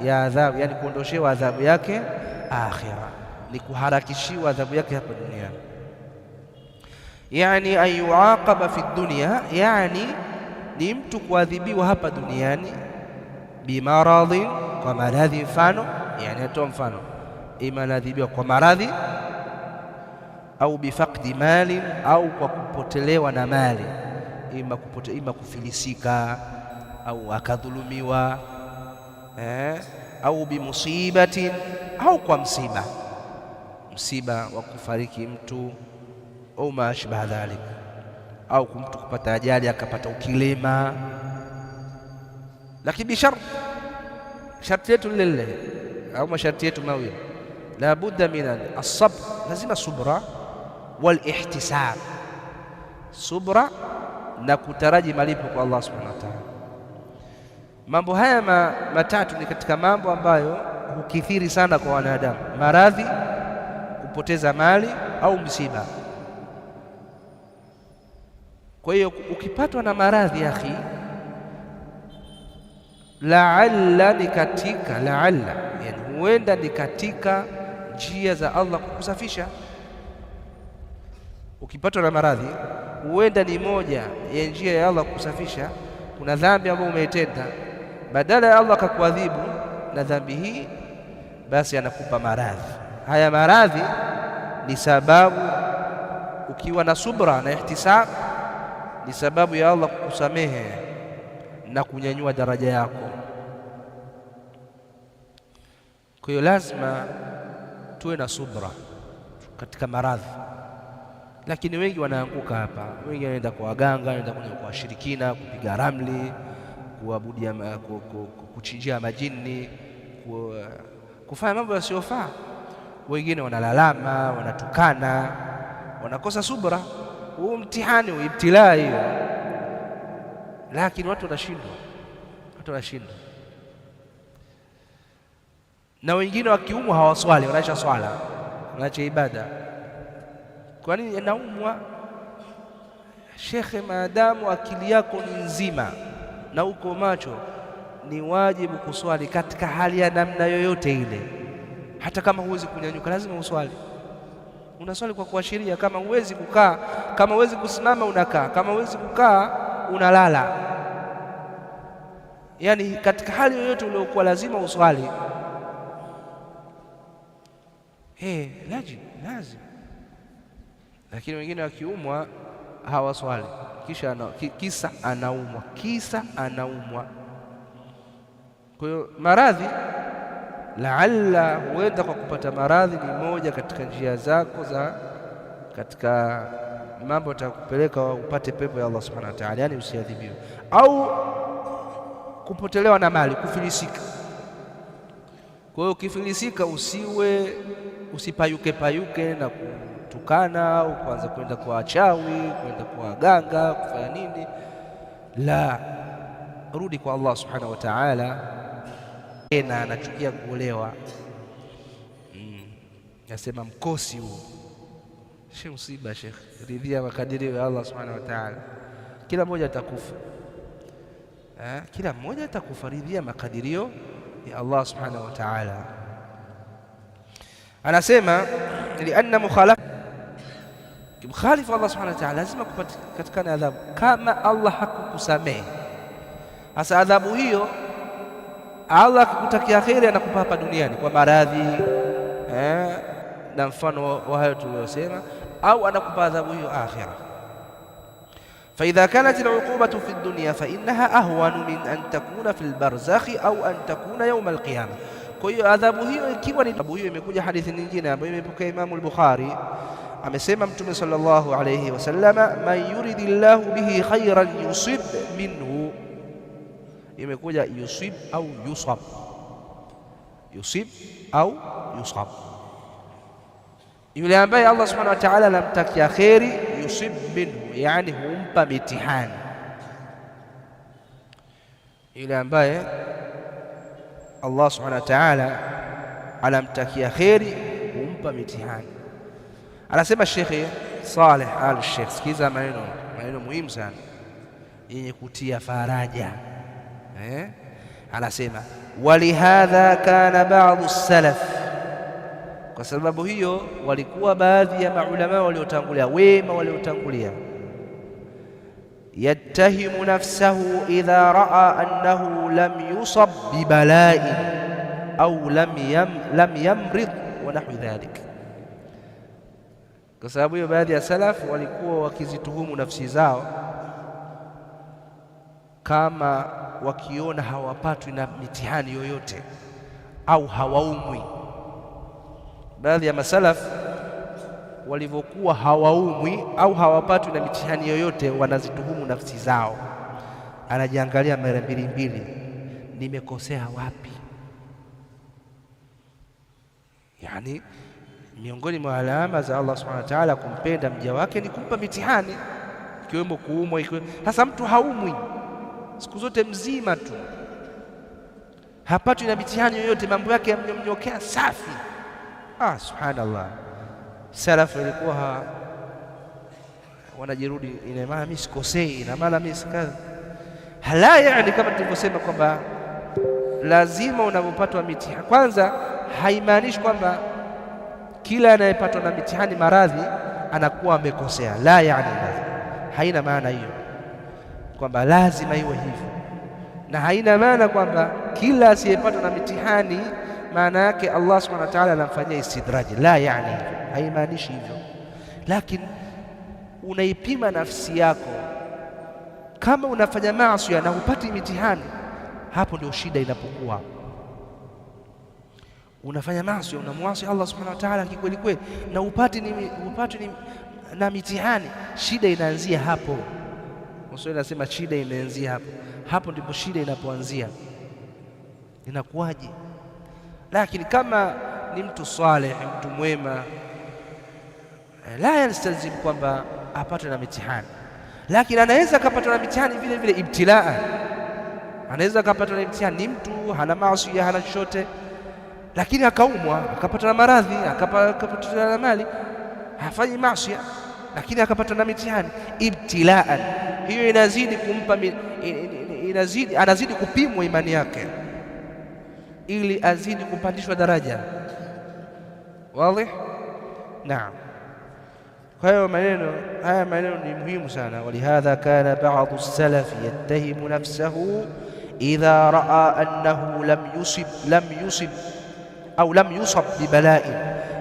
ya adhabu, yani kuondoshewa adhabu yake akhira, ni kuharakishiwa adhabu yake hapa duniani. Yani ayuaqaba fi dunya, yani ni mtu kuadhibiwa hapa duniani bimaradhin, kwa maradhi. Mfano yani atoa mfano, ima anaadhibiwa kwa maradhi au bifakdi mali, au kwa kupotelewa na mali, ima kupote, ima kufilisika au akadhulumiwa eh, au bimusibati au kwa msiba, msiba wa kufariki mtu au maashbaha dhalik, au mtu kupata ajali akapata ukilema, lakini bisharti, sharti yetu lile lile au masharti yetu mawili, la budda min alsabr, lazima subra wal ihtisab, subra na kutaraji malipo kwa Allah subhanahu wa ta'ala. Mambo haya ma, matatu ni katika mambo ambayo hukithiri sana kwa wanadamu: maradhi, kupoteza mali au msiba. Kwa hiyo ukipatwa na maradhi akhi, laalla ni katika laalla, yani huenda ni katika njia za Allah kukusafisha. Ukipatwa na maradhi, huenda ni moja ya njia ya Allah kukusafisha. Kuna dhambi ambayo umeitenda badala ya Allah akakuadhibu na dhambi hii, basi anakupa maradhi. Haya maradhi ni sababu, ukiwa na subra na ihtisab, ni sababu ya Allah kukusamehe na kunyanyua daraja yako. Kwa hiyo lazima tuwe na subra katika maradhi, lakini wengi wanaanguka hapa. Wengi wanaenda kwa waganga, wanaenda kwenye kwa washirikina kupiga ramli kuabudia, eh, kuchinjia majini, kufanya mambo yasiyofaa. Wengine wanalalama, wanatukana, wanakosa subra. Huu mtihani ibtilaa hiyo, lakini watu wanashindwa, watu wanashindwa. Na wengine wakiumwa hawaswali, wanaacha swala, wanaacha ibada. Kwa nini? Anaumwa shekhe, maadamu akili yako ni nzima na uko macho, ni wajibu kuswali katika hali ya namna yoyote ile. Hata kama huwezi kunyanyuka, lazima uswali. Unaswali kwa kuashiria. Kama huwezi kukaa, kama huwezi kusimama, unakaa. Kama huwezi kukaa, unalala. Yaani katika hali yoyote uliokuwa, lazima uswali. Hey, eh, lazima lazima. Lakini wengine wakiumwa hawaswali kisha ana, kisa anaumwa, kisa anaumwa. Kwa hiyo maradhi, laalla, huenda kwa kupata maradhi ni moja katika njia zako za katika mambo atakupeleka upate pepo ya Allah subhanahu wa ta'ala, yani usiadhibiwe, au kupotelewa na mali, kufilisika. Kwa hiyo ukifilisika, usiwe usipayuke payuke na ku kuwatukana, ukaanza kwenda kwa wachawi, kwenda kwa waganga, kufanya nini? La, rudi kwa Allah subhanahu wa ta'ala. Tena anachukia kuolewa, mm, nasema mm, mkosi huo she msiba, shekh, ridhia makadirio ya Allah subhanahu wa ta'ala. Kila mmoja atakufa ha? Kila mmoja atakufa, ridhia makadirio ya Allah subhanahu wa ta'ala. Anasema anna mukhalafa Ukimkhalifu Allah subhanahu wa ta'ala, lazima kupatikana adhabu, kama Allah hakukusamehe. Sasa adhabu hiyo Allah akikutakia kheri anakupa hapa duniani kwa maradhi eh, na mfano wa hayo tuliyosema, au anakupa adhabu hiyo akhira. Fa idha kanat al-uqubatu fi dunya fa innaha ahwanu min an takuna fi al-barzakhi au an takuna yawm al-qiyamah. Kwa hiyo adhabu hiyo ikiwa ni adhabu hiyo, imekuja hadithi nyingine ambayo imepokea Imamu al-Bukhari amesema mtume sallallahu alayhi wasallama man yuridillahu bihi khairan yusib minhu imekuja yusib au yusab yusib au yusab yule ambaye Allah subhanahu wa ta'ala anamtakia kheri yusib minhu yani humpa mitihani yule ambaye Allah subhanahu wa ta'ala anamtakia kheri humpa mitihani على سيما الشيخ إيه؟ صالح آل الشيخ سكيزا ما ينو ما ينو مهم سان يني كتيا فاراجا إيه؟ على سيما ولهذا كان بعض السلف وسبب هي ولكوا بعض يا علماء وليوتانغوليا ويما وليوتانغوليا يتهم نفسه إذا رأى أنه لم يصب ببلاء أو لم يم لم يمرض ونحو ذلك Kwa sababu hiyo baadhi ya salafu walikuwa wakizituhumu nafsi zao kama wakiona hawapatwi na mitihani yoyote au hawaumwi. Baadhi ya masalafu walivyokuwa hawaumwi au hawapatwi na mitihani yoyote, wanazituhumu nafsi zao, anajiangalia mara mbili mbili, nimekosea wapi? yani Miongoni mwa alama za Allah subhanahu wa ta'ala kumpenda mja wake ni kumpa mitihani, ikiwemo kuumwa. Sasa mtu haumwi siku zote, mzima tu, hapatwi na mitihani yoyote, mambo yake yamnyonyokea safi. Ah, subhanallah, salafu walikuwa wanajirudi, ina maana mimi sikosei, ina maana mimi sikazi hala, yani kama tulivyosema kwamba lazima unapopatwa mitihani, kwanza haimaanishi kwamba kila anayepatwa na mitihani maradhi anakuwa amekosea. La yaani ladhi, haina maana hiyo kwamba lazima iwe hivyo, na haina maana kwamba kila asiyepatwa na mitihani maana yake Allah subhanahu wa ta'ala anamfanyia istidraji. La yaani hivyo, haimaanishi hivyo, lakini unaipima nafsi yako. Kama unafanya maasi na hupati mitihani, hapo ndio shida inapokuwa unafanya maasi, unamwasi Allah subhanahu wa ta'ala kikweli kweli, na upate ni upate ni na mitihani. Shida inaanzia hapo. Waswahili anasema shida inaanzia hapo, hapo ndipo shida inapoanzia. Inakuwaje? Lakini kama ni mtu saleh, mtu mwema, eh, la yastalzim kwamba apatwe na mitihani, lakini anaweza akapatwa na mitihani vile vile, ibtilaa, anaweza akapatwa na mitihani. Ni mtu hana maasi, hana chochote lakini akaumwa akapata na maradhi akapata na mali, hafanyi maasi, lakini akapata na mitihani ibtilaan. Hiyo inazidi kumpa inazidi, anazidi kupimwa imani yake ili azidi kupandishwa daraja. Wazi? Naam. Kwa hiyo maneno haya maneno ni muhimu sana, walihadha kana ba'dhu salafi yattahimu nafsahu idha raa annahu lam yusib lam yusib أو لم يصب ببلاء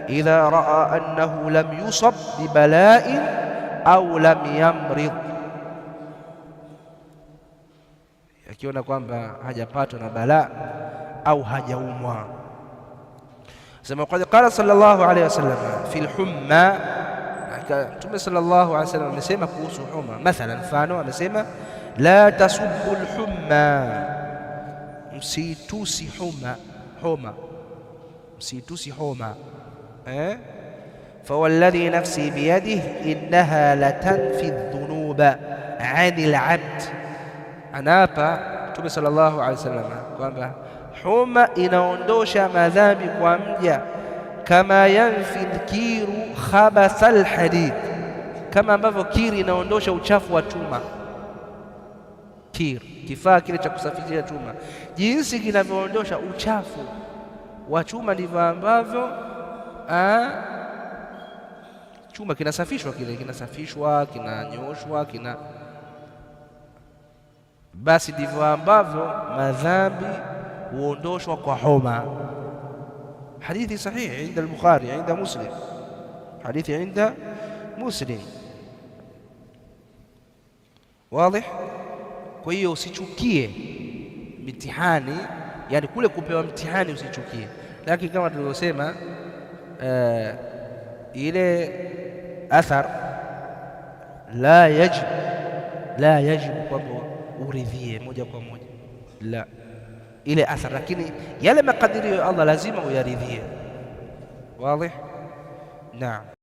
إذا رأى أنه لم يصب ببلاء أو لم يمرض akiona kwamba hajapatwa na balaa au hajaumwa sema kwa qala sallallahu alayhi wasallam fi lhumma mtume sallallahu alayhi wasallam amesema kuhusu homa mathalan mfano amesema la tasubbu lhumma msitusi homa homa siitusi homa eh? fawalladhi nafsi biyadihi innaha latanfi dhunuba ani labd, anaapa Mtume sallallahu alaihi wasallam kwamba homa inaondosha madhambi kwa mja, kama yanfi lkiru khabasa lhadid, kama ambavyo kiri inaondosha uchafu wa chuma. Kir, kifaa kile cha kusafishia chuma, jinsi kinavyoondosha uchafu wa chuma ndivyo ambavyo chuma kinasafishwa, kile kinasafishwa, kinanyoshwa, kina basi, ndivyo ambavyo madhambi huondoshwa kwa homa. Hadithi sahihi inda al-Bukhari, inda Muslim, hadithi inda Muslim. Wazi. Kwa hiyo usichukie mitihani yani kule kupewa mtihani usichukie, lakini kama tulivyosema, uh, ile athar la yajibu, la yajibu kwamba uridhie moja kwa moja la ile athar, lakini yale makadirio ya Allah lazima uyaridhie. Wazi? Naam.